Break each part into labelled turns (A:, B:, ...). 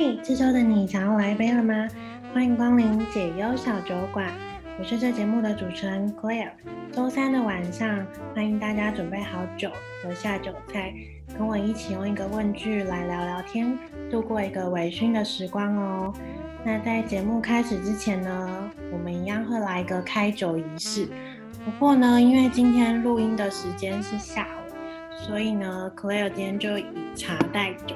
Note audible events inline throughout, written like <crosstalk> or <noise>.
A: Hey, 這週的你想要來一杯了嗎？歡迎光臨解憂小酒館，我是這節目的主持人 Claire。週三的晚上，歡迎大家準備好酒和下酒菜，跟我一起用一個問句來聊聊天，度過一個微醺的時光哦。那在節目開始之前呢，我們一樣會來一個開酒儀式。不過呢，因為今天錄音的時間是下午，所以呢，Claire 今天就以茶代酒。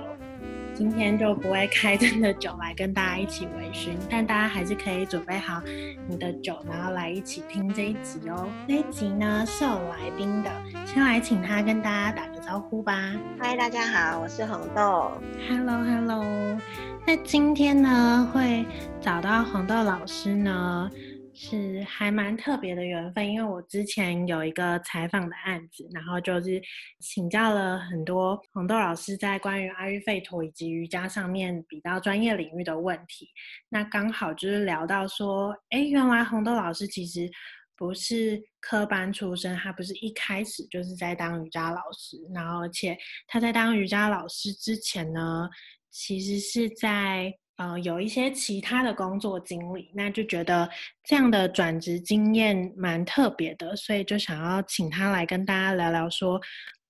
A: 今天就不會開真的酒來跟大家一起微醺，但大家還是可以準備好你的酒，然後來一起聽這一集哦。這一集呢，是有來賓的，先來請他跟大家打個招呼吧。Hi，大家好，我是紅豆。Hello，Hello hello。那今天呢會找到紅豆老師呢？是還蠻特別的緣分，因為我之前有一個採訪的案子，然後就是請教了很多紅豆老師在關於阿育吠陀以及瑜伽上面比較專業領域的問題。那剛好就是聊到說，誒，原來紅豆老師其實不是科班出身，他不是一開始就是在當瑜伽老師，然後而且他在當瑜伽老師之前呢，其實是在。呃，有一些其他的工作經歷，那就覺得這樣的轉職經驗蠻特別的，所以就想要請他來跟大家聊聊，說，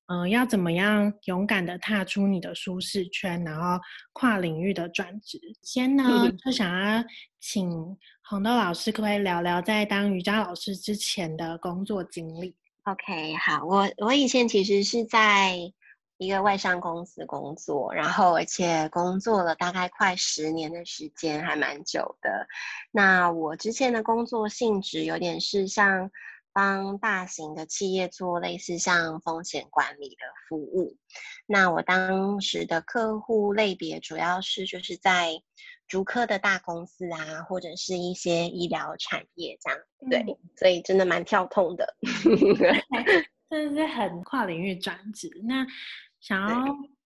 A: 嗯、呃，要怎麼樣勇敢的踏出你的舒適圈，然後跨領域的轉職。先呢、嗯，就想要請紅豆老師，可不可以聊聊在當瑜伽老師之前的工作經歷？OK，好，我我以前其實是
B: 在。一個外商公司工作，然後而且工作了大概快十年的時間，還蠻久的。那我之前的工作性質有點是像幫大型的企業做類似像風險管理的服務。那我當時的客戶類別主要是就是在竹科的大公司啊，或者是一些醫療產業這樣。對，嗯、所以真的蠻跳痛的，
A: 真 <laughs> 的是很跨領域轉職。那想要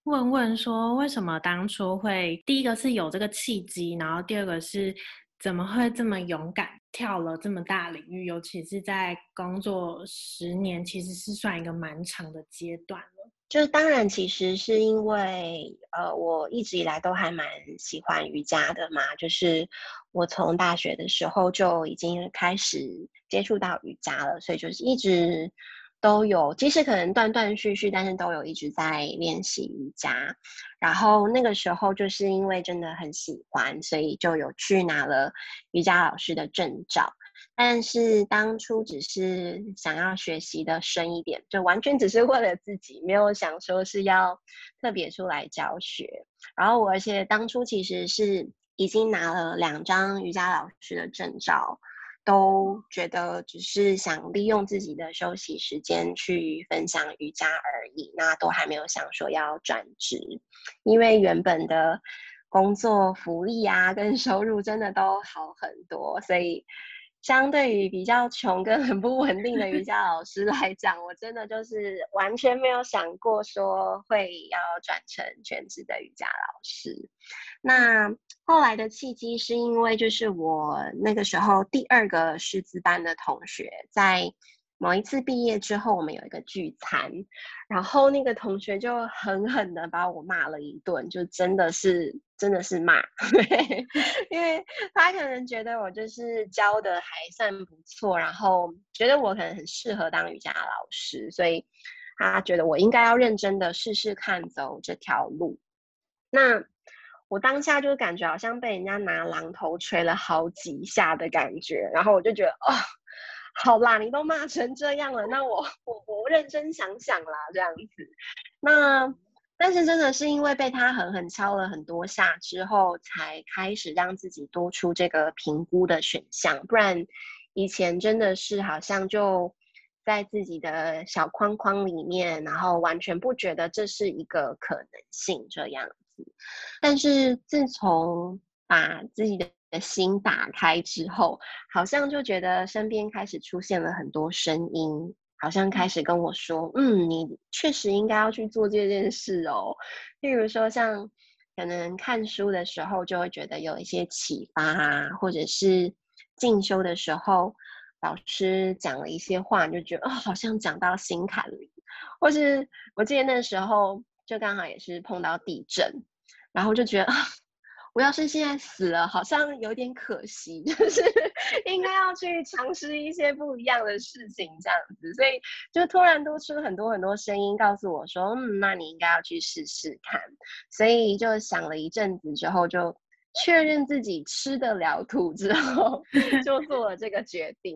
A: 問問說，為什麼當初會第一個是有這個契機，然後第二個是怎麼會這麼勇敢跳了這麼大領域？尤其是在工作十年，其實是算一個蠻長的階段了。
B: 就是當然，其實是因為呃，我一直以來都還蠻喜歡瑜伽的嘛，就是我從大學的時候就已經開始接觸到瑜伽了，所以就是一直。都有，即使可能斷斷續續，但是都有一直在練習瑜伽。然後那個時候就是因為真的很喜歡，所以就有去拿了瑜伽老師的證照。但是當初只是想要學習的深一點，就完全只是為了自己，沒有想說是要特別出來教學。然後，而且當初其實是已經拿了兩張瑜伽老師的證照。都覺得只是想利用自己的休息時間去分享瑜伽而已，那都還沒有想說要轉職，因為原本的工作福利啊跟收入真的都好很多，所以。相對於比較窮跟很不穩定的瑜伽老師來講，我真的就是完全沒有想過說會要轉成全職的瑜伽老師。那後來的契機是因為，就是我那個時候第二個師資班的同學在。某一次畢業之後，我們有一個聚餐，然後那個同學就狠狠的把我罵了一頓，就真的是真的是罵， <laughs> 因為他可能覺得我就是教的還算不錯，然後覺得我可能很適合當瑜伽老師，所以他覺得我應該要認真的試試看走這條路。那我當下就感覺好像被人家拿榔頭捶了好幾下的感覺，然後我就覺得哦。好啦，你都罵成這樣了，那我我我認真想想
A: 啦，這樣子。
B: 那但是真的是因為被他狠狠敲了很多下之後，才開始讓自己多出這個評估的選項，不然以前真的是好像就在自己的小框框裡面，然後完全不覺得這是一個可能性這樣子。但是自從把自己的的心打開之後，好像就覺得身邊開始出現了很多聲音，好像開始跟我說：“嗯，你確實應該要去做這件事哦。”譬如說像，像可能看書的時候就會覺得有一些啟發啊，或者是進修的時候，老師講了一些話，你就覺得哦，好像講到心坎裡。或是我記得那時候就剛好也是碰到地震，然後就覺得。我要是現在死了，好像有點可惜，就是應該要去嘗試一些不一樣的事情，這樣子。所以就突然多出很多很多聲音，告訴我說：“嗯，那你應該要去試試看。”所以就想了一陣子之後，就確認自己吃得了苦之後，
A: 就做了這個決定。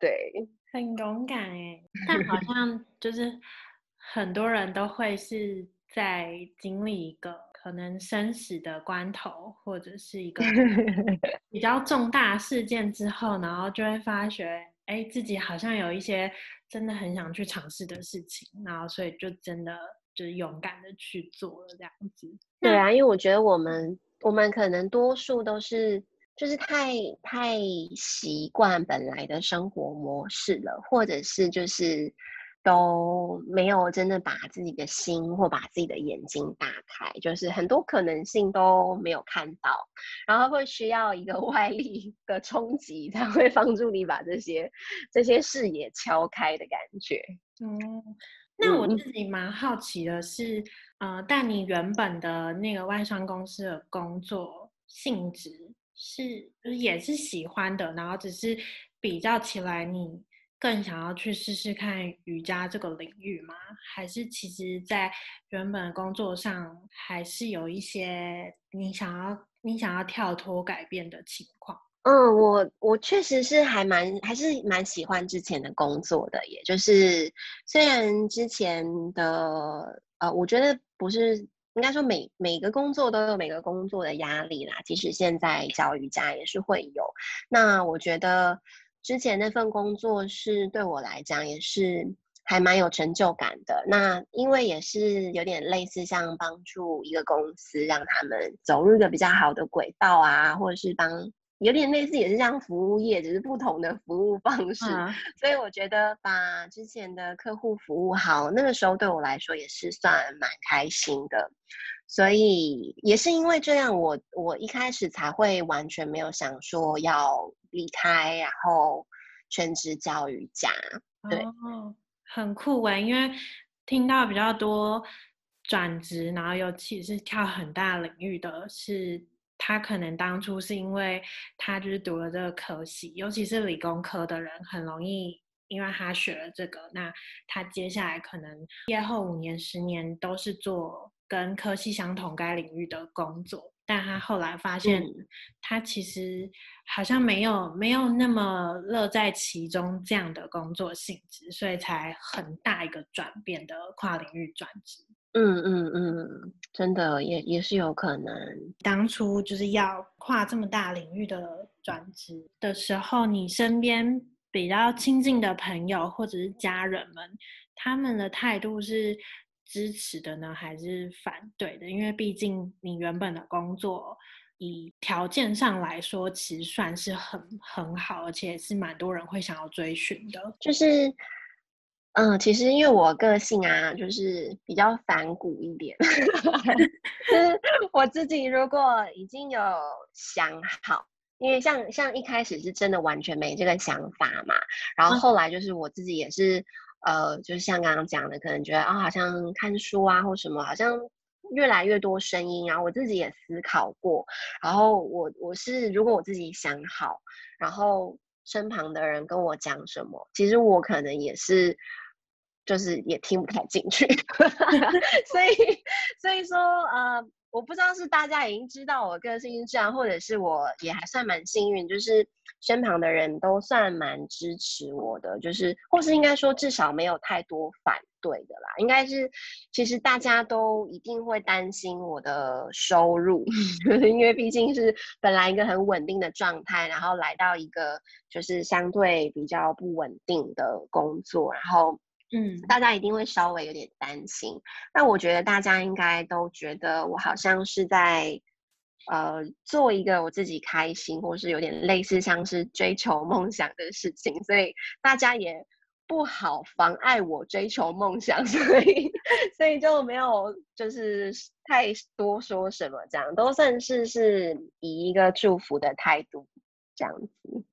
A: 對，很勇敢欸，但好像就是很多人都會是在經歷一個。可能生死的關頭，或者是一個比較重大事件之後，然後就會發覺，哎、欸，自己好像有一些真的很想去嘗試的事情，然後所以就真的就勇敢的去做了這樣子。 <laughs> 對
B: 啊，因為我覺得我們我們可能多數都是就是太太習慣本來的生活模式了，或者是就是。都沒有真的把自己的心或把自己的眼睛打開，就是很多可能性都沒有看到，然後會需要一個外力的衝擊，才會幫助你把這些這些視野敲開的感覺。
A: 嗯，那我自己蠻好奇的是，嗯、呃，但你原本的那個外商公司的工作性質是，就是也是喜歡的，然後只是比較起來你，更想要去試試看瑜伽這個領域嗎？還是其實在原本工作上還是有一些你想要你想要跳脫改變的情況？
B: 嗯，我我確實是還蠻還是蠻喜歡之前的工作的，也就是雖然之前的呃，我覺得不是應該說每每個工作都有每個工作的壓力啦，其實現在教瑜伽也是會有。那我覺得。之前那份工作是對我來講也是還蠻有成就感的。那因為也是有點類似像幫助一個公司讓他們走入一個比較好的軌道啊，或者是幫有點類似也是像服務業，只是不同的服務方式，啊。所以我覺得把之前的客戶服務好，那個時候對我來說也是算蠻開心的。所以也是因為這樣我，我我一開始才會完全沒有想說要。離開，然後全職教瑜伽，對，
A: 哦、很酷誒，因為聽到比較多轉職，然後尤其是跳很大領域的是，他可能當初是因為他就是讀了這個科系，尤其是理工科的人，很容易，因為他學了這個，那他接下來可能畢業後五年、十年都是做跟科系相同該領域的工作，但他後來發現，他其實好像沒有、嗯、沒有那麼樂在其中這樣的工作性質，所以才很大一個轉變的跨領域轉職。嗯嗯嗯，真的也也是有可能。當初就是要跨這麼大領域的轉職的時候，你身邊比較親近的朋友或者是家人們，他們的態度是？支持的呢，還是反對的？因為畢竟你原本的工作，以條件，上來說，其實算是很很好，而且是蠻多人會想要追尋的。就是，嗯、呃，其實因為我個性啊，就是
B: 比較反骨一點。 <laughs> 就是我自己如果已經有想好，因為像像一開始是真的完全沒這個想法嘛，然後後來就是我自己也是。呃，就是像剛剛講的，可能覺得啊、哦，好像看書啊或什麼，好像越來越多聲音啊。然後我自己也思考過，然後我我是如果我自己想好，然後身旁的人跟我講什麼，其實我可能也是，就是也聽不太進去。 <laughs> 所以，所以說，呃。我不知道是大家已經知道我個性是這樣，或者是我也還算蠻幸運，就是身旁的人都算蠻支持我的，就是或是應該說至少沒有太多反對的啦。應該是其實大家都一定會擔心我的收入呵呵，因為畢竟是本來一個很穩定的狀態，然後來到一個就是相對比較不穩定的工作，然後。嗯，大家一定會稍微有點擔心。那我覺得大家應該都覺得我好像是在呃做一個我自己開心，或是有點類似像是追求夢想的事情，所以大家也不好妨礙我追求夢想，所以所以就沒有就是太多說什麼這樣，都算是是以一個祝福的態度這樣子，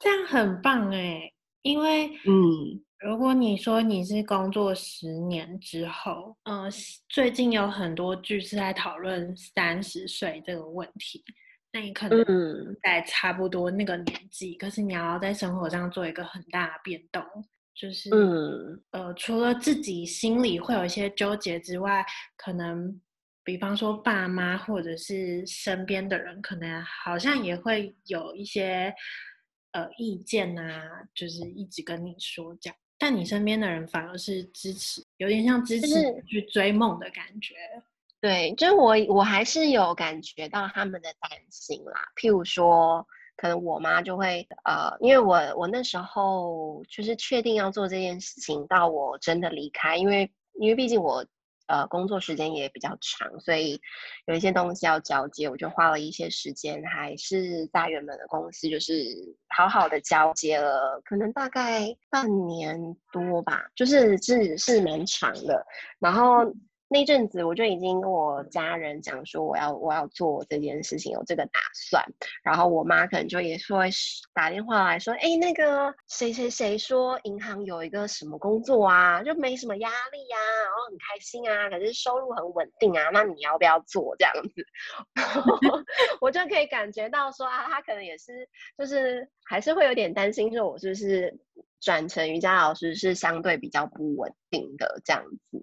A: 這樣很棒欸，因為嗯。如果你說你是工作十年之後，呃，最近有很多劇是在討論三十歲這個問題，那你可能在差不多那個年紀，嗯，可是你要在生活上做一個很大的變動，就是、嗯、呃，除了自己心裡會有一些糾結之外，可能比方說爸媽或者是身邊的人，可能好像也會有一些呃意見啊，就是一直跟你說這樣。但你身邊的人反而是支持，有點像支持你去追夢的感覺。就是、對，就是我，我還是有感覺到他們的擔
B: 心啦。譬如說，可能我媽就會呃，因為我我那時候就是確定要做這件事情，到我真的離開，因為因為畢竟我。呃，工作時間也比較長，所以有一些東西要交接，我就花了一些時間，還是在原本的公司，就是好好的交接了，可能大概半年多吧，就是是是蠻長的，然後。那陣子我就已經跟我家人講說，我要我要做這件事情，有這個打算。然後我媽可能就也是會打電話來說，哎，那個誰誰誰說銀行有一個什麼工作啊，就沒什麼壓力呀，然後，哦，很開心啊，可是收入很穩定啊，那你要不要做這樣子 <laughs> 我？我就可以感覺到說啊，他可能也是就是還是會有點擔心說，我是不是？轉成瑜伽老師是相對比較不穩定的這樣子，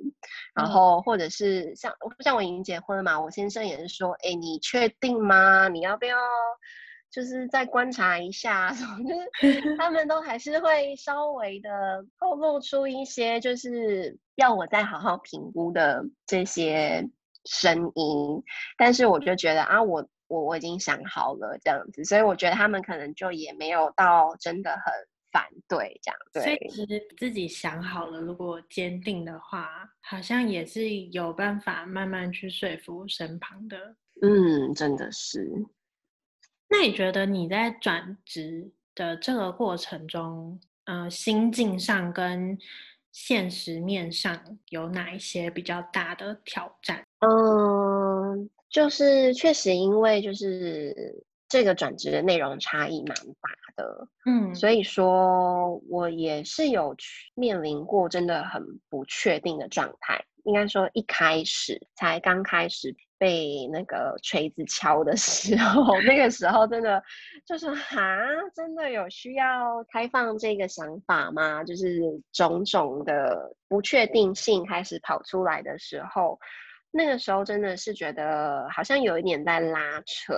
B: 然後或者是像像我已經結婚了嘛，我先生也是說，哎、欸，你確定嗎？你要不要就是再觀察一下什麼的，他們都還是會稍微的透露出一些就是要我再好好評估的這些聲音，但是我就覺得啊，我我我已經想好了這樣子，所以我覺得他們可能就也沒有到真的很。反對
A: 這樣對，所以其實自己想好了，如果堅定的話，好像也是有辦法慢慢去說服身旁的。
B: 嗯，真的是。
A: 那你覺得你在轉職的這個過程中，呃，心境上跟現實面上有哪一些比較大的挑戰？
B: 嗯，就是確實因為就是。這個轉職的內容差異蠻大的，嗯，所以說我也是有去面臨過真的很不確定的狀態。應該說一開始才剛開始被那個錘子敲的時候， <laughs> 那個時候真的就是啊，真的有需要開放這個想法嗎？就是種種的不確定性開始跑出來的時候，那個時候真的是覺得好像有一點在拉扯。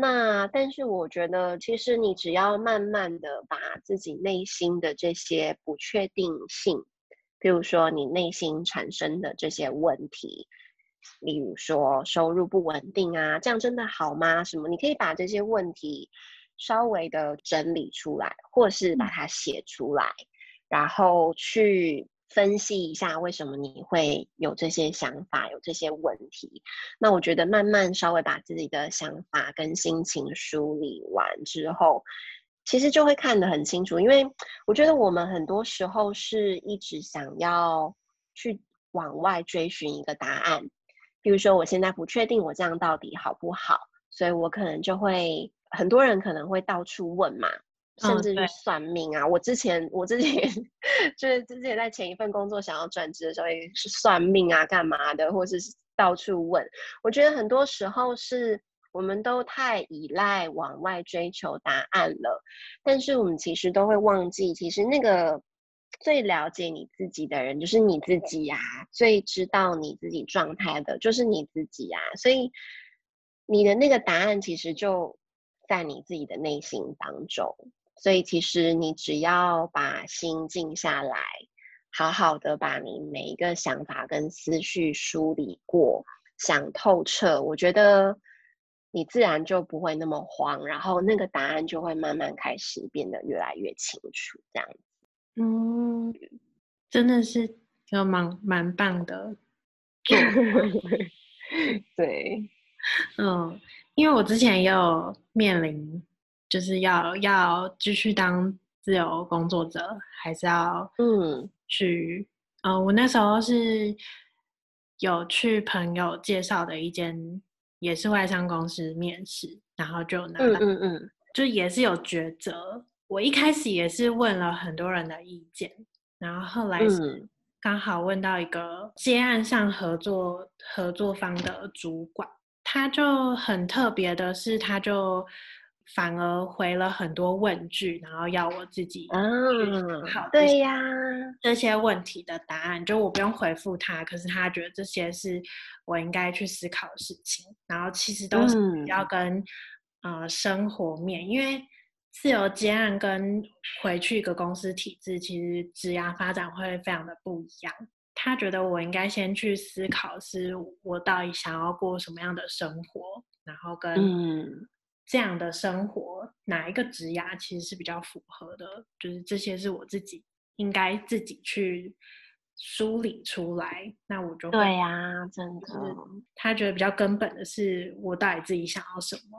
B: 那，但是我覺得，其實你只要慢慢的把自己內心的這些不確定性，比如說你內心產生的這些問題，例如說收入不穩定啊，這樣真的好嗎？什麼？你可以把這些問題稍微的整理出來，或是把它寫出來，然後去，分析一下為什麼你會有這些想法，有這些問題。那我覺得慢慢稍微把自己的想法跟心情梳理完之後，其實就會看得很清楚。因為我覺得我們很多時候是一直想要去往外追尋一個答案。比如說，我現在不確定我這樣到底好不好，所以我可能就會，很多人可能會到處問嘛。甚至於算命啊、哦！我之前，我之前就是之前在前一份工作想要轉職的時候，也是算命啊，幹嘛的，或者是到處問。我覺得很多時候是我們都太依賴往外追求答案了，但是我們其實都會忘記，其實那個最了解你自己的人就是你自己呀、啊，最知道你自己狀態的就是你自己呀、啊。所以你的那個答案其實就在你自己的內心當中。所以，其實你只要把心靜下來，好好的把你每一個想法跟思緒梳理過，想透徹，我覺得你自然就不會那麼慌，然後那個答案就會慢慢開始變得越來越清楚。這樣，
A: 嗯，真的是，就蠻蠻棒的。 <laughs> 對，
B: <laughs> 對，
A: 嗯，因為我之前也有面臨。就是要要繼續當自由工作者，還是要去嗯去呃？我那時候是，有去朋友介紹的一間也是外商公司面試，然後就拿了嗯嗯嗯，就也是有抉擇。我一開始也是問了很多人的意見，然後後來剛好問到一個接案上合作合作方的主管，他就很特別的是，他就。反而回了很多問句，然後要我自己好、嗯、對呀、啊，這些問題的答案就我不用回覆他，可是他覺得這些是我應該去思考的事情。然後其實都是要跟、嗯呃、生活面，因為自由接案跟回去一個公司體制，其實職涯發展會非常的不一樣。他覺得我應該先去思考，是我到底想要過什麼樣的生活，然後跟嗯。這樣的生活，哪一個職業其實是比較符合的？就是這些是我自己應該自己去梳理出來。那我就對呀、啊，真的，就是。他覺得比較根本的是我到底自己想要什麼。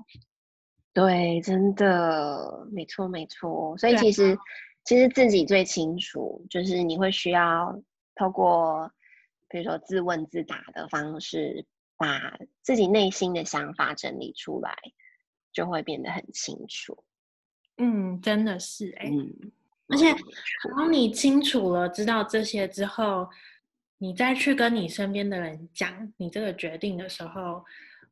B: 對，真的沒錯沒錯。所以其實、啊、其實自己最清楚，就是你會需要透過比如說自問自答的方式，把自己內心的想法整理出來。
A: 就會變得很清楚，嗯，真的是哎、欸嗯，而且當你清楚了、知道這些之後，你再去跟你身邊的人講你這個決定的時候，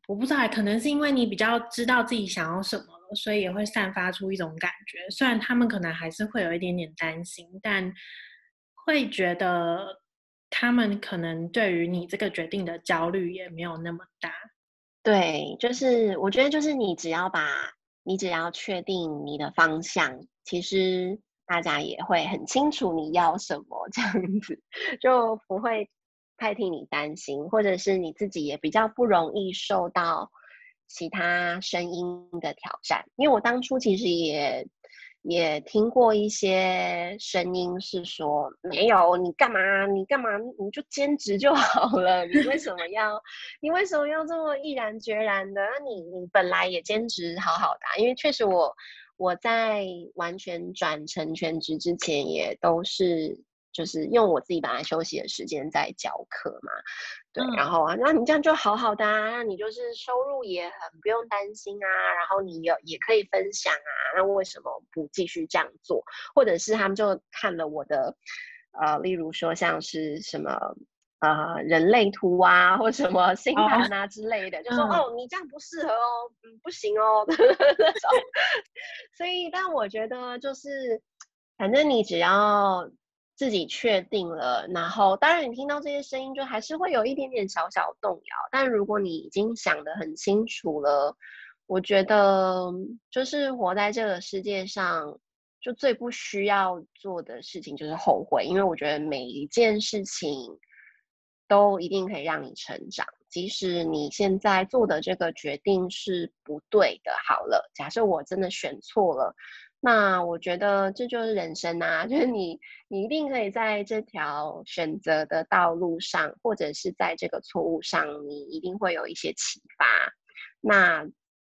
A: 我不知道、欸，可能是因為你比較知道自己想要什麼了，所以也會散發出一種感覺。雖然他們可能還是會有一點點擔心，但會覺得他們可能對於你這個決定的焦慮也沒有那麼大。
B: 對，就是我覺得，就是你只要把，你只要確定你的方向，其實大家也會很清楚你要什麼，這樣子就不會太替你擔心，或者是你自己也比較不容易受到其他聲音的挑戰。因為我當初其實也。也聽過一些聲音是說，沒有，你幹嘛？你幹嘛？你就兼職就好了。你為什麼要？ <laughs> 你為什麼要這麼毅然決然的？那你你本來也兼職好好的啊，因為確實我我在完全轉成全職之前，也都是就是用我自己本來休息的時間在教課嘛。然後啊，那你這樣就好好的啊，那你就是收入也很不用擔心啊，然後你有也，也可以分享啊，那為什麼不繼續這樣做？或者是他們就看了我的，呃，例如說像是什麼呃人類圖啊，或什麼星盤啊之類的，oh, 就說、uh, 哦你這樣不適合哦，不行哦那種。 <laughs> 所以但我覺得就是，反正你只要，自己確定了，然後當然你聽到這些聲音，就還是會有一點點小小動搖。但如果你已經想得很清楚了，我覺得就是活在這個世界上，就最不需要做的事情就是後悔，因為我覺得每一件事情都一定可以讓你成長，即使你現在做的這個決定是不對的。好了，假設我真的選錯了。那我覺得這就是人生啊，就是你，你一定可以在這條選擇的道路上，或者是在這個錯誤上，你一定會有一些啟發。那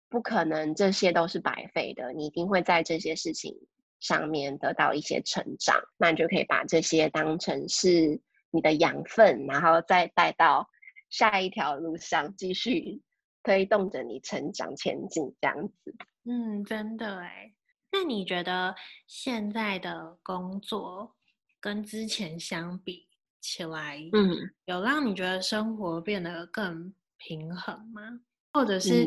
B: 不可能這些都是白費的，你一定會在這些事情上面得到一些成長。那你就可以把這些當成是你的養分，然後再帶到下一條路上繼續推動着你成長前進，這樣子。
A: 嗯，真的哎、欸。那你覺得現在的工作跟之前相比起來，嗯，有讓你覺得生活變得更平衡嗎？或者是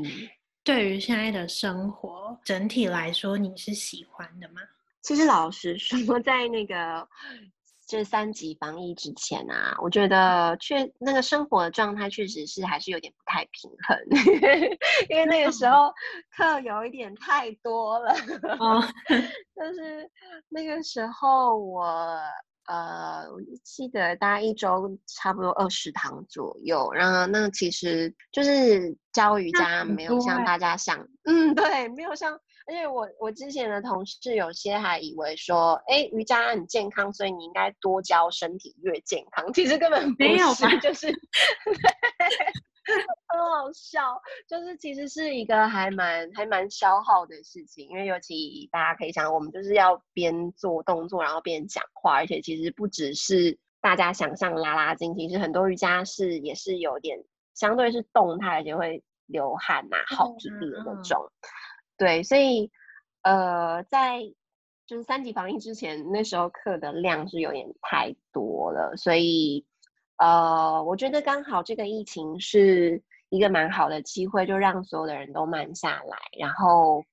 A: 對於現在的生活、嗯、整體來說，你是喜歡的嗎？其實，老實說， <laughs>
B: 在那個。這三級防疫之前啊，我覺得確那個生活的狀態確實是還是有點不太平衡，因為那個時候課有一點太多了。啊、哦，但是那個時候我呃，我記得大概一周差不多二十堂左右，然後那個其實就是教瑜伽沒有像大家想、嗯，嗯，對，沒有像。因為我我之前的同事有些還以為說，誒，瑜伽很健康，所以你應該多教，身體越健康。其實根本沒有吧，就是 <laughs> <laughs> 很好笑，就是其實是一個還蠻還蠻消耗的事情，因為尤其大家可以想，我們就是要邊做動作，然後邊講話，而且其實不只是大家想象拉拉筋，其實很多瑜伽是也是有點相對是動態，就會流汗吶、啊，耗體力的那種。嗯啊對，所以，呃，在就是三級防疫之前，那時候課的量是有點太多了，所以，呃，我覺得剛好這個疫情是一個蠻好的機會，就讓所有的人都慢下來，然後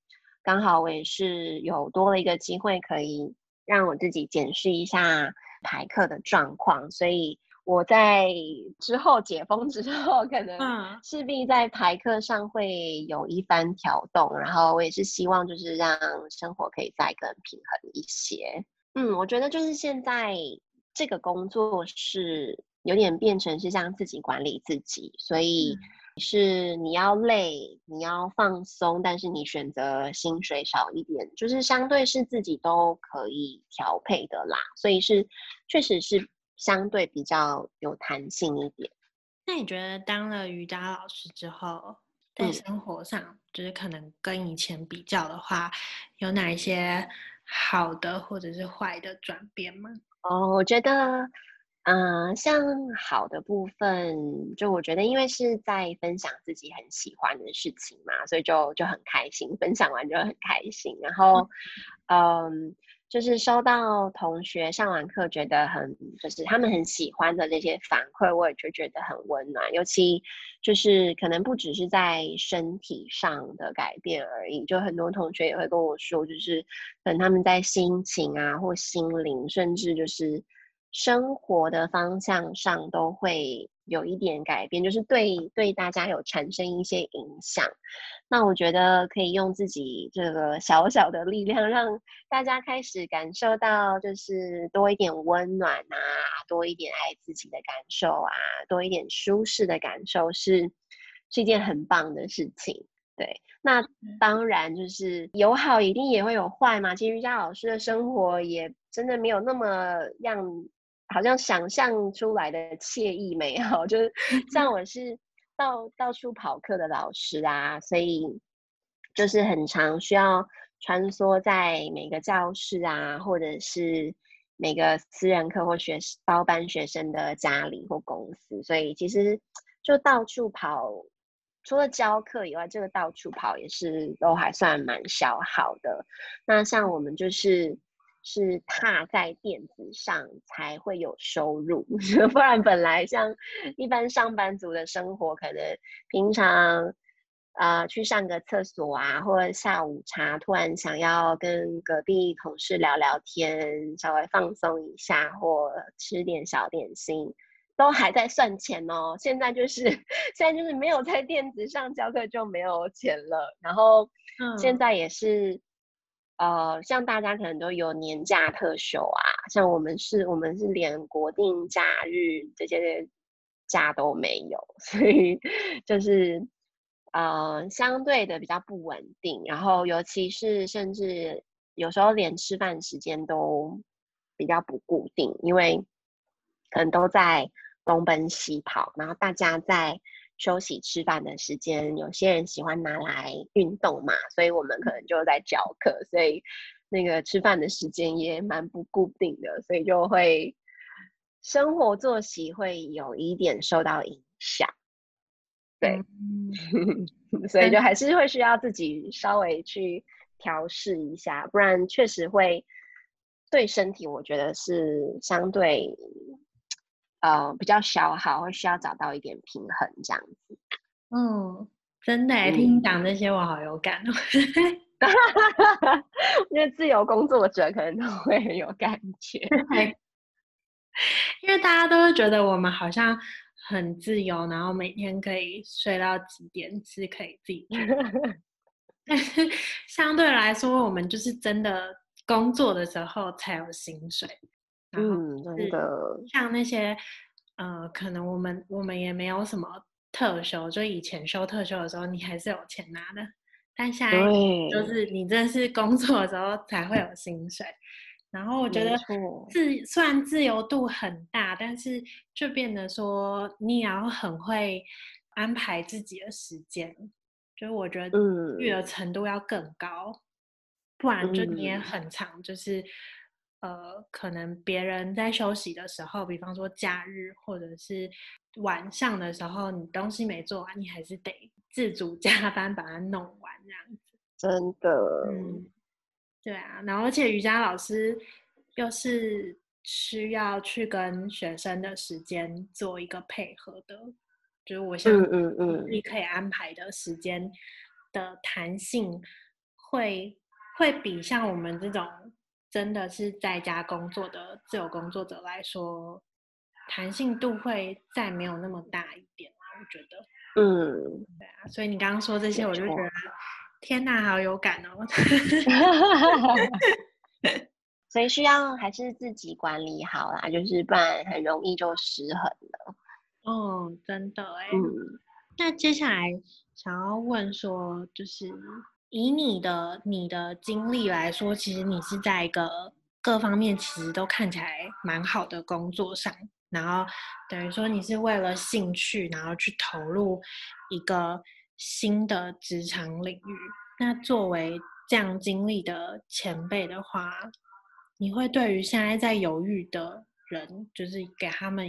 B: 剛好我也是有多了一個機會，可以讓我自己檢視一下排課的狀況，所以。我在之後解封之後，可能勢必在排課上會有一番調動，嗯，然後我也是希望就是讓生活可以再更平衡一些。嗯，我覺得就是現在這個工作是有點變成是像自己管理自己，所以是你要累，你要放鬆，但是你選擇薪水少一點，就是相對是自己都可以調配的啦，所以是確實是。相對比較有彈性一點。
A: 那你覺得當了瑜伽老師之後，在生活上、嗯，就是可能跟以前比較的話，有哪一些好的或者是壞的轉變嗎？
B: 哦，我覺得，嗯、呃，像好的部分，就我覺得，因為是在分享自己很喜歡的事情嘛，所以就就很開心，分享完就很開心。然後， <laughs> 嗯。就是收到同學上完課覺得很，就是他們很喜歡的這些反饋，我也就覺得很溫暖。尤其就是可能不只是在身體上的改變而已，就很多同學也會跟我說，就是可能他們在心情啊或心靈，甚至就是。生活的方向上都會有一點改變，就是對對大家有產生一些影響。那我覺得可以用自己這個小小的力量，讓大家開始感受到，就是多一點溫暖啊，多一點愛自己的感受啊，多一點舒適的感受是，是是一件很棒的事情。對，那當然就是有好，一定也會有壞嘛。其實瑜伽老師的生活也真的沒有那麼讓。好像想象出來的愜意美好，就是像我是到 <laughs> 到、到處跑課的老師啊，所以就是很常需要穿梭在每個教室啊，或者是每個私人課或學包班學生的家裡或公司，所以其實就到處跑，除了教課以外，這個到處跑也是都還算蠻消耗的。那像我們就是。是踏在墊子上才會有收入， <laughs> 不然本來像一般上班族的生活，可能平常啊、呃、去上個廁所啊，或者下午茶，突然想要跟隔壁同事聊聊天，稍微放鬆一下、嗯，或吃點小點心，都還在算錢哦。現在就是現在就是沒有在墊子上教課就沒有錢了，然後現在也是。嗯呃，像大家可能都有年假、特休啊，像我們是，我們是連國定假日這些，這些假都沒有，所以就是呃，相對的比較不穩定。然後，尤其是甚至有時候連吃飯時間都比較不固定，因為可能都在東奔西跑，然後大家在。休息吃飯的時間，有些人喜歡拿來運動嘛，所以我們可能就在教課，所以那個吃飯的時間也蠻不固定的，所以就會生活作息會有一點受到影響。對， <laughs> <laughs> <laughs> 所以就還是會需要自己稍微去調適一下，不然確實會對身體，我覺得是相對。呃，比較消耗，會需要找到一點平衡這樣子。嗯，
A: 真的、欸，聽你講這些我好有感、哦，我、嗯、 <laughs> <laughs> 因為自由工作者可能都會很有感覺。 <laughs> 因為大家都會覺得我們好像很自由，然後每天可以睡到幾點，是可以自己。 <laughs> 但是相對來說，我們就是真的工作的時候才有薪水。
B: 是，
A: 嗯，真的，像那些，呃，可能我們我們也沒有什麼特休，就以前休特休的時候，你還是有錢拿的，但現在就是你真是工作的時候才會有薪水。然後我覺得自雖然自由度很大，但是就變得說你也要很會安排自己的時間，就我覺得嗯，育兒程度要更高，不然就你也很長就是。呃，可能別人在休息的時候，比方說假日或者是晚上的時候，你東西沒做完，你還是得自主加班把它弄完，這樣
B: 子。真的。嗯。
A: 對啊，然後而且瑜伽老師又是需要去跟學生的時間做一個配合的，就是我想，嗯嗯嗯，你可以安排的時間的彈性會嗯嗯會比像我們這種。真的是在家工作的自由工作者來說，彈性度會再沒有那麼大一點，啊，我覺得，嗯，對啊，所以你剛剛說這些，我就覺得，天吶，啊，好有感哦。 <laughs> <laughs> 所以需要還是
B: 自己管理好啦，啊，就是不然很容易就失衡
A: 了。哦，真的哎，欸，嗯。那接下來想要問說，就是。以你的你的經歷來說，其實你是在一個各方面其實都看起來蠻好的工作上，然後等於說你是為了興趣，然後去投入一個新的職場領域，那作為這樣經歷的前輩的話，你會對於現在在猶豫的人，就是給他們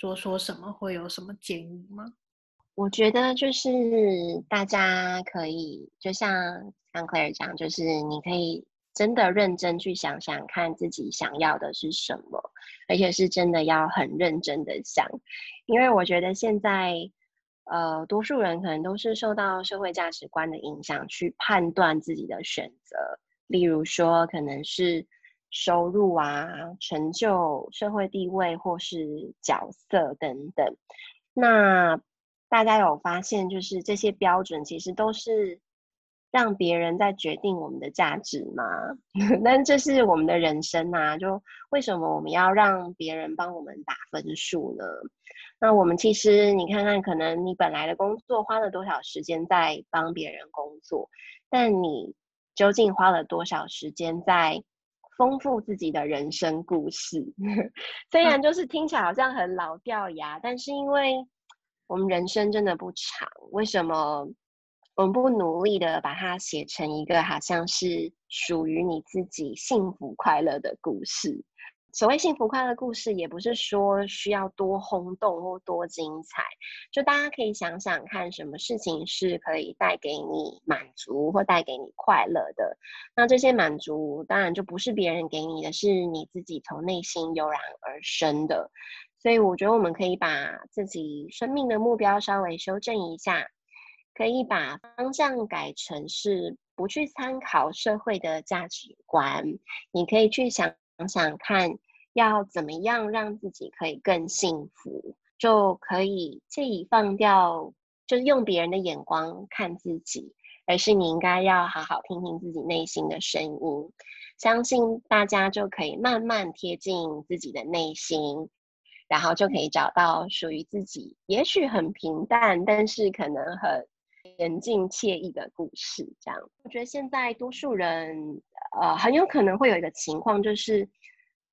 A: 說說什麼，會有什麼建議嗎？
B: 我覺得就是大家可以，就像 Claire 講，就是你可以真的認真去想想看自己想要的是什麼，而且是真的要很認真的想，因為我覺得現在，呃，多數人可能都是受到社會價值觀的影響去判斷自己的選擇，例如說可能是收入啊、成就、社會地位或是角色等等，那，大家有發現，就是這些標準其實都是讓別人在決定我們的價值嗎？但這是我們的人生啊！就為什麼我們要讓別人幫我們打分數呢？那我們其實你看看，可能你本來的工作花了多少時間在幫別人工作，但你究竟花了多少時間在豐富自己的人生故事？雖然就是聽起來好像很老掉牙，但是因為。我們人生真的不長，為什麼我們不努力地把它寫成一個好像是屬於你自己幸福快樂的故事？所謂幸福快樂故事，也不是說需要多轟動或多精彩，就大家可以想想看，什麼事情是可以帶給你滿足或帶給你快樂的？那這些滿足當然就不是別人給你的，是你自己從內心油然而生的。所以我覺得我們可以把自己生命的目標稍微修正一下，可以把方向改成是不去參考社會的價值觀。你可以去想想看，要怎麼樣讓自己可以更幸福，就可以可以放掉，就是用別人的眼光看自己，而是你應該要好好聽聽自己內心的聲音。相信大家就可以慢慢貼近自己的內心。然後就可以找到屬於自己，也許很平淡，但是可能很恬靜愜意的故事。這樣，我覺得現在多數人，呃，很有可能會有一個情況，就是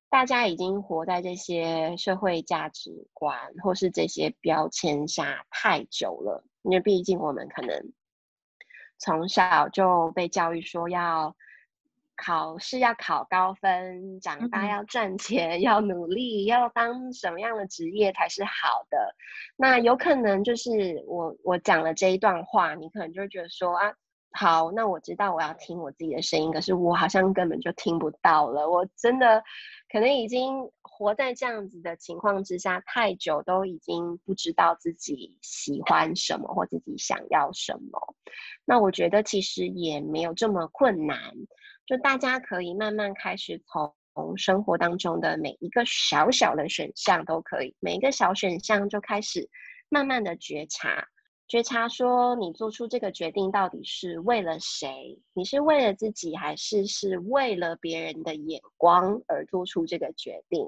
B: 大家已經活在這些社會價值觀或是這些標籤下太久了。因為畢竟我們可能從小就被教育說要。考試要考高分，長大要賺錢，要努力，要當什麼樣的職業才是好的？那有可能就是我，我講了這一段話，你可能就覺得說啊，好，那我知道我要聽我自己的聲音，可是我好像根本就聽不到了，我真的。可能已經活在這樣子的情況之下太久，都已經不知道自己喜歡什麼或自己想要什麼。那我覺得其實也沒有這麼困難，就大家可以慢慢開始從生活當中的每一個小小的選項都可以，每一個小選項就開始慢慢的覺察。覺察說，你做出這個決定到底是為了誰？你是為了自己，還是是為了別人的眼光而做出這個決定？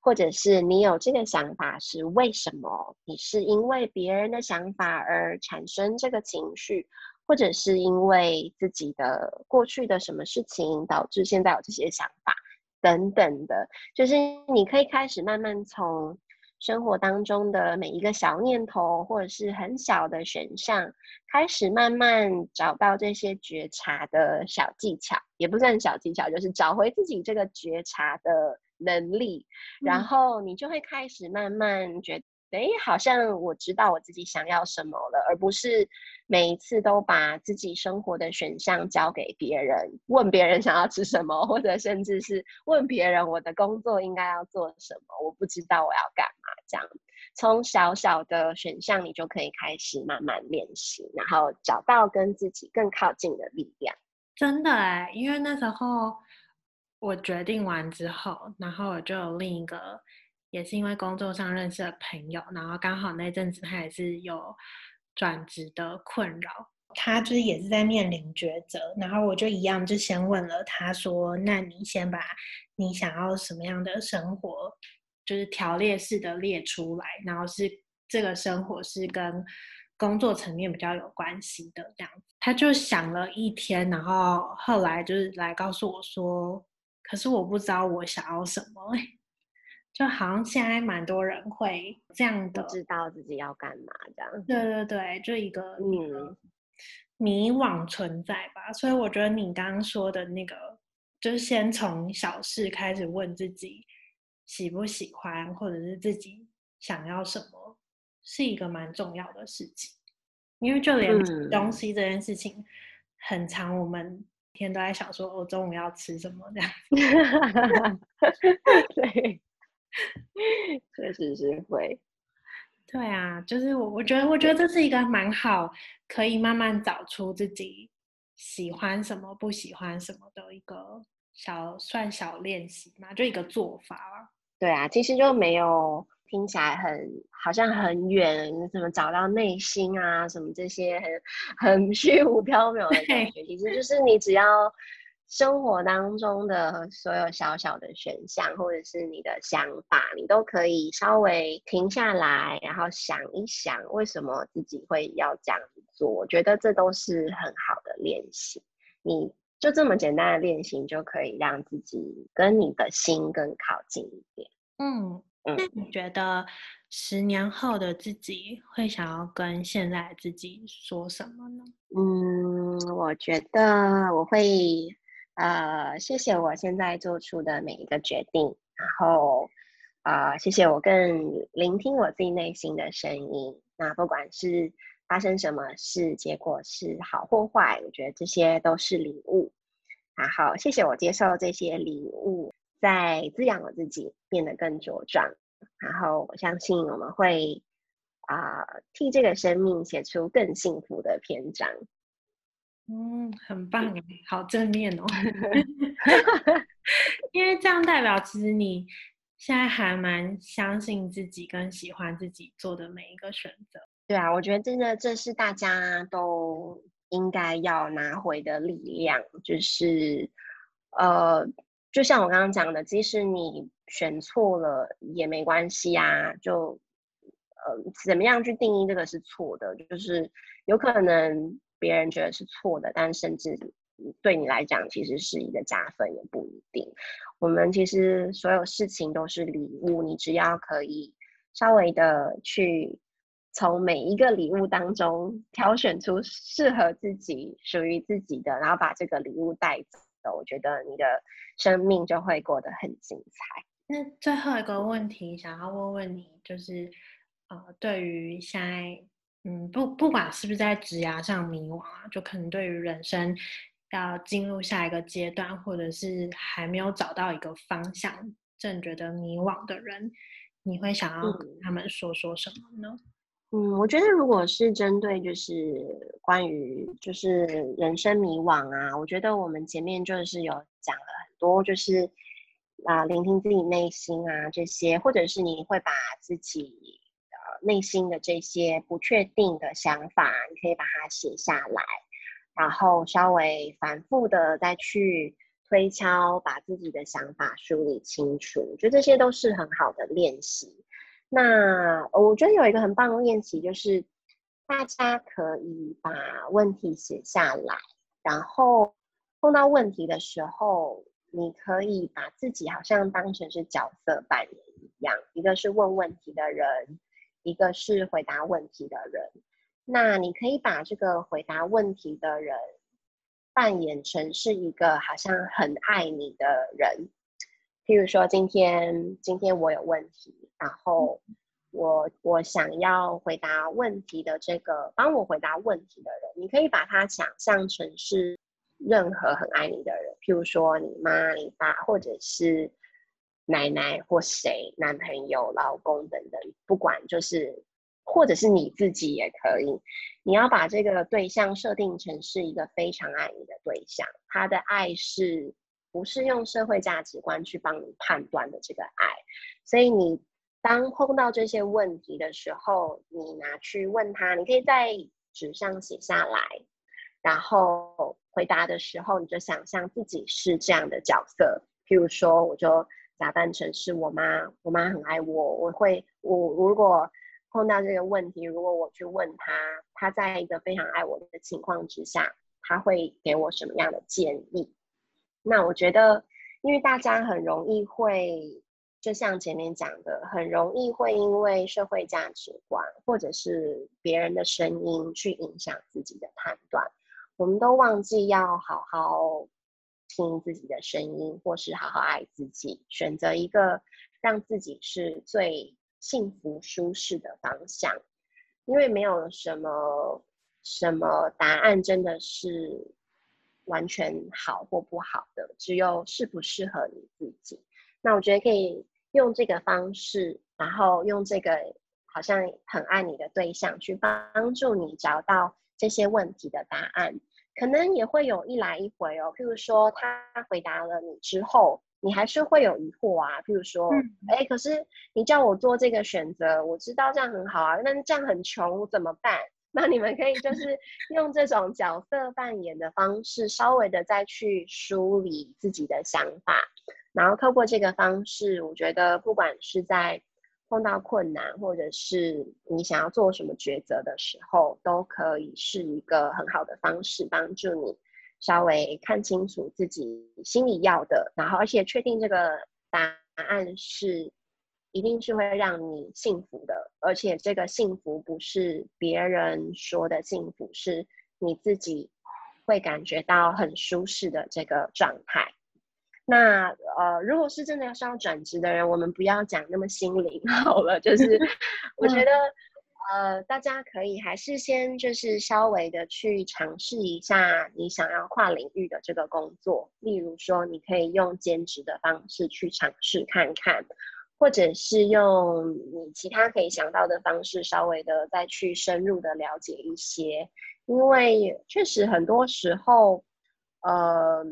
B: 或者是你有這個想法是為什麼？你是因為別人的想法而產生這個情緒，或者是因為自己的過去的什麼事情導致現在有這些想法等等的，就是你可以開始慢慢從。生活當中的每一個小念頭，或者是很小的選項，開始慢慢找到這些覺察的小技巧，也不算小技巧，就是找回自己這個覺察的能力，然後你就會開始慢慢覺。哎，好像我知道我自己想要什麼了，而不是每一次都把自己生活的選項交給別人，問別人想要吃什麼，或者甚至是問別人我的工作應該要做什麼。我不知道我要幹嘛，這樣從小小的選項你就可以開始慢慢練習，然後找到跟自己更靠近的力量。
A: 真的哎，因為那時候我決定完之後，然後我就有另一個。也是因為工作上認識的朋友，然後剛好那陣子他也是有轉職的困擾，他就是也是在面臨抉擇。然後我就一樣，就先問了他，說：“那你先把你想要什麼樣的生活，就是條列式的列出來，然後是這個生活是跟工作層面比較有關係的這樣子。”他就想了一天，然後後來就是來告訴我說：“可是我不知道我想要什麼。”就好像現在蠻多人會這樣的不知道自己要幹嘛這樣，對對對，就一個嗯迷惘存在吧。所以我覺得你剛剛說的那個，就是先從小事開始問自己喜不喜歡，或者是自己想要什麼，是一個蠻重要的事情。因為就連東西這件事情，嗯、很常我們一天都在想說，我、哦、中午要吃什麼這樣子。 <laughs> <laughs> 對。確 <laughs> 實是會，對啊，就是我我覺得我覺得這是一個蠻好可以慢慢找出自己喜歡什麼不喜歡什麼的一個小算小練習嘛，就一個做法啦。
B: 對啊，其實就沒有聽起來很好像很遠，什麼找到內心啊什麼這些很很虛無縹緲的感覺，其實就是你只要。生活當中的所有小小的選項，或者是你的想法，你都可以稍微停下來，然後想一想為什麼自己會要這樣做。我覺得這都是很好的練習。你就這麼簡單的練習就可以讓自己跟你的心更靠
A: 近一點。嗯嗯。那你覺得十年後的自己會想要跟現在自己說什麼呢？嗯，
B: 我覺得我會。呃，謝謝我現在做出的每一個決定，然後，啊、呃，謝謝我更聆聽我自己內心的聲音。那不管是發生什麼事，結果是好或壞，我覺得這些都是禮物。然後，謝謝我接受這些禮物，在滋養我自己，變得更茁壯。然後，我相信我們會啊、呃，替這個生命寫出更幸福的篇章。
A: 嗯，很棒哎，好正面哦， <laughs> 因為這樣代表其實你現在還蠻相信自己，跟喜歡自己做的每一個選擇。
B: 對啊，我覺得真的這是大家都應該要拿回的力量，就是呃，就像我剛剛講的，即使你選錯了也沒關係呀，啊，就呃，怎麼樣去定義這個是錯的，就是有可能。別人覺得是錯的，但甚至對你來講，其實是一個加分也不一定。我們其實所有事情都是禮物，你只要可以稍微的去從每一個禮物當中挑選出適合自己、屬於自己的，然後把這個禮物帶走，我覺得你的生命就會過得很精彩。
A: 那最後一個問題，想要問問你，就是，呃，對於現在。嗯，不，不管是不是在職涯上迷惘啊，就可能對於人生要進入下一個階段，或者是還沒有找到一個方向，正覺得迷惘的人，你會想要跟他們說說什麼呢？嗯，我
B: 覺得如果是針對就是關於就是人生迷惘啊，我覺得我們前面就是有講了很多，就是啊、呃，聆聽自己內心啊這些，或者是你會把自己。內心的這些不確定的想法，你可以把它寫下來，然後稍微反覆的再去推敲，把自己的想法梳理清楚。我覺得這些都是很好的練習。那我覺得有一個很棒的練習就是，大家可以把問題寫下來，然後碰到問題的時候，你可以把自己好像當成是角色扮演一樣，一個是問問題的人。一個是回答問題的人，那你可以把這個回答問題的人扮演成是一個好像很愛你的人，譬如說今天今天，我有問題，然後我我想要回答問題的這個幫我回答問題的人，你可以把他想象成是任何很愛你的人，譬如說你媽、你爸，或者是。奶奶、或誰、男朋友、老公等等，不管就是，或者是你自己也可以，你要把這個對象設定成是一個非常愛你的對象，他的愛是不是用社會價值觀去幫你判斷的這個愛？所以你當碰到這些問題的時候，你拿去問他，你可以在紙上寫下來，然後回答的時候，你就想象自己是這樣的角色，譬如說，我就。假扮成是我媽，我媽很愛我。我會，我如果碰到這個問題，如果我去問她，她在一個非常愛我的情況之下，她會給我什麼樣的建議？那我覺得，因為大家很容易會，就像前面講的，很容易會因為社會價值觀或者是別人的聲音去影響自己的判斷。我們都忘記要好好。聽自己的聲音，或是好好愛自己，選擇一個讓自己是最幸福、舒適的方向。因為沒有什麼什麼答案真的是完全好或不好的，只有適不適合你自己。那我覺得可以用這個方式，然後用這個好像很愛你的對象去幫助你找到這些問題的答案。可能也會有一來一回哦，譬如說他回答了你之後，你還是會有疑惑啊。譬如說，哎，嗯，欸，可是你叫我做這個選擇，我知道這樣很好啊，那這樣很窮，我怎麼辦？那你們可以就是用這種角色扮演的方式，稍微的再去梳理自己的想法，然後透過這個方式，我覺得不管是在，碰到困難，或者是你想要做什麼抉擇的時候，都可以是一個很好的方式，幫助你稍微看清楚自己心裡要的，然後而且確定這個答案是一定是會讓你幸福的，而且這個幸福不是別人說的幸福，是你自己會感覺到很舒適的這個狀態。那呃，如果是真的要想要轉職的人，我們不要講那麼心靈好了。就是我覺得， <laughs> 呃，大家可以還是先就是稍微的去嘗試一下你想要跨領域的這個工作。例如說，你可以用兼職的方式去嘗試看看，或者是用你其他可以想到的方式，稍微的再去深入的了解一些。因為確實很多時候，呃。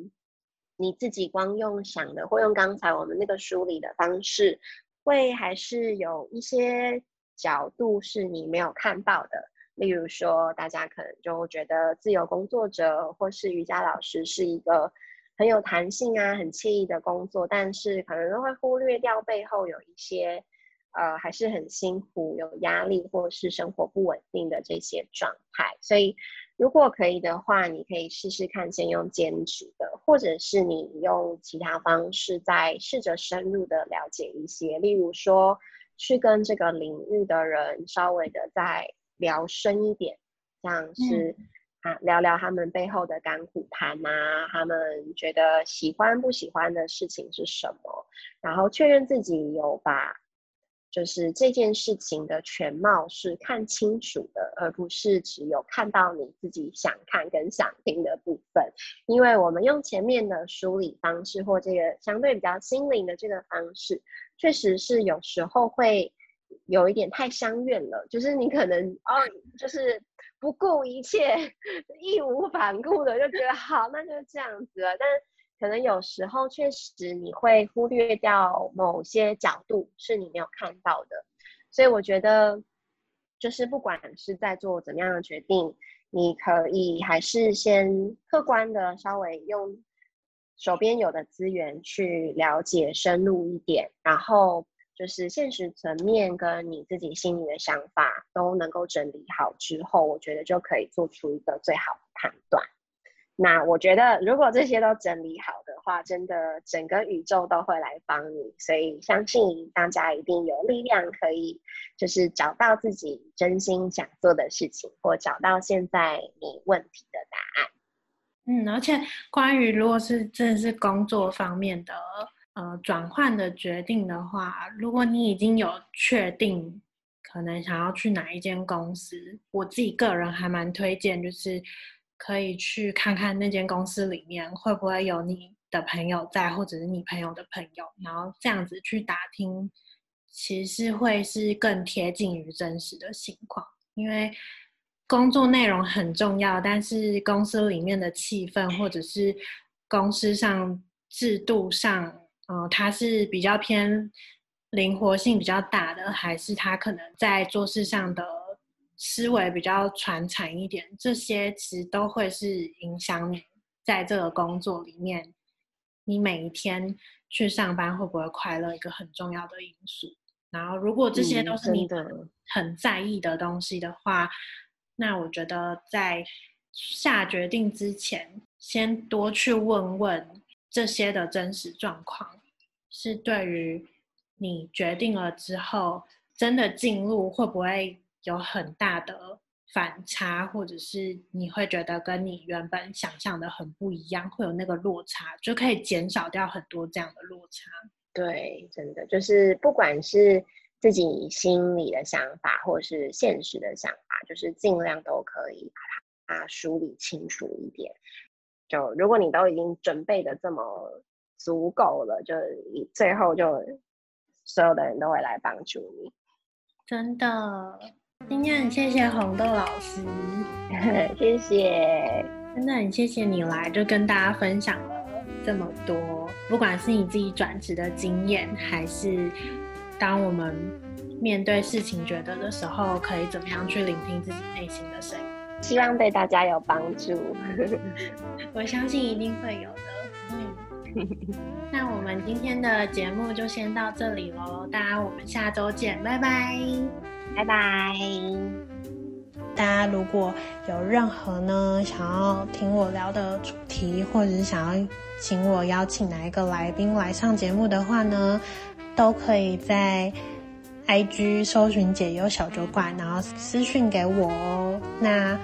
B: 你自己光用想的，或用剛才我們那個梳理的方式，會還是有一些角度是你沒有看到的。例如說，大家可能就覺得自由工作者或是瑜伽老師是一個很有彈性啊、很愜意的工作，但是可能都會忽略掉背後有一些呃還是很辛苦、有壓力或是生活不穩定的這些狀態，所以。如果可以的話，你可以試試看先用兼職的，或者是你用其他方式再試着深入的了解一些，例如說去跟這個領域的人稍微的再聊深一點，像是、嗯、啊聊聊他們背後的甘苦談啊，他們覺得喜歡不喜歡的事情是什麼，然後確認自己有把。就是這件事情的全貌是看清楚的，而不是只有看到你自己想看跟想聽的部分。因為我們用前面的梳理方式，或這個相對比較心靈的這個方式，確實是有時候會有一點太相怨了。就是你可能哦，就是不顧一切、義無反顧的，就覺得好，那就這樣子了。但是可能有時候確實你會忽略掉某些角度是你沒有看到的，所以我覺得，就是不管是在做怎麼樣的決定，你可以還是先客觀的稍微用手邊有的資源去了解深入一點，然後就是現實層面跟你自己心裡的想法都能夠整理好之後，我覺得就可以做出一個最好的判斷。那我覺得，如果這些都整理好的話，真的整個宇宙都會來幫你，所以相信大家一定有力量可以，就是找到自己真心想做的事情，或找到現在你問題的答案。
A: 嗯，而且關於如果是真是工作方面的，呃，轉換的決定的話，如果你已經有確定，可能想要去哪一間公司，我自己個人還蠻推薦就是。可以去看看那間公司裡面會不會有你的朋友在，或者是你朋友的朋友，然後這樣子去打聽，其實會是更貼近於真實的情況。因為工作內容很重要，但是公司裡面的氣氛或者是公司上制度上，呃，它是比較偏靈活性比較大的，還是它可能在做事上的，思維比較傳產一點，這些其實都會是影響你在這個工作裡面，你每一天去上班會不會快樂一個很重要的因素。然後，如果這些都是你的很在意的東西的話，嗯，真的，那我覺得在下決定之前，先多去問問這些的真實狀況，是對於你決定了之後真的進入會不會。有很大的反差，或者是你會覺得跟你原本想象的很不一樣，會有那個落差，就可以減少掉很多這樣的落差。
B: 對，真的就是不管是自己心裡的想法，或是現實的想法，就是盡量都可以把它啊梳理清楚一點。就如果你都已經準備得這麼足夠了，就最後就
A: 所有的人都會來幫助你，真的。今天很謝謝紅豆老師，謝謝，真的很謝謝你來，就跟大家分享了這麼多，不管是你自己轉職的經驗，還是當我們面對事情覺得的時候，可以怎麼樣去聆聽自己內心的聲
B: 音，希望對大家有幫助。
A: <laughs> 我相信一定會有的。嗯， <laughs> 那我們今天的節目就先到這裡嘍，大家我們下周見，拜拜。拜拜！大家如果有任何呢想要聽我聊的主題，或者是想要請我邀請哪一個來賓來上節目的話呢，都可以在 IG 搜尋“解憂小酒館”，然後私訊給我哦。那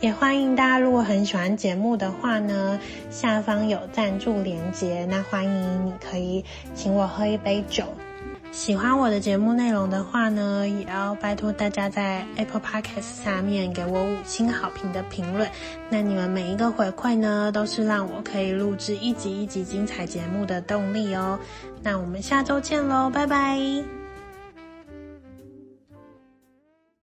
A: 也歡迎大家，如果很喜歡節目的話呢，下方有贊助連結，那歡迎你可以請我喝一杯酒。喜歡我的節目內容的話呢，也要拜託大家在 Apple Podcast 下面給我五星好評的評論。那你們每一個回饋呢，都是讓我可以錄制一集一集精彩節目的動力哦。那我們下周見嘍，拜拜。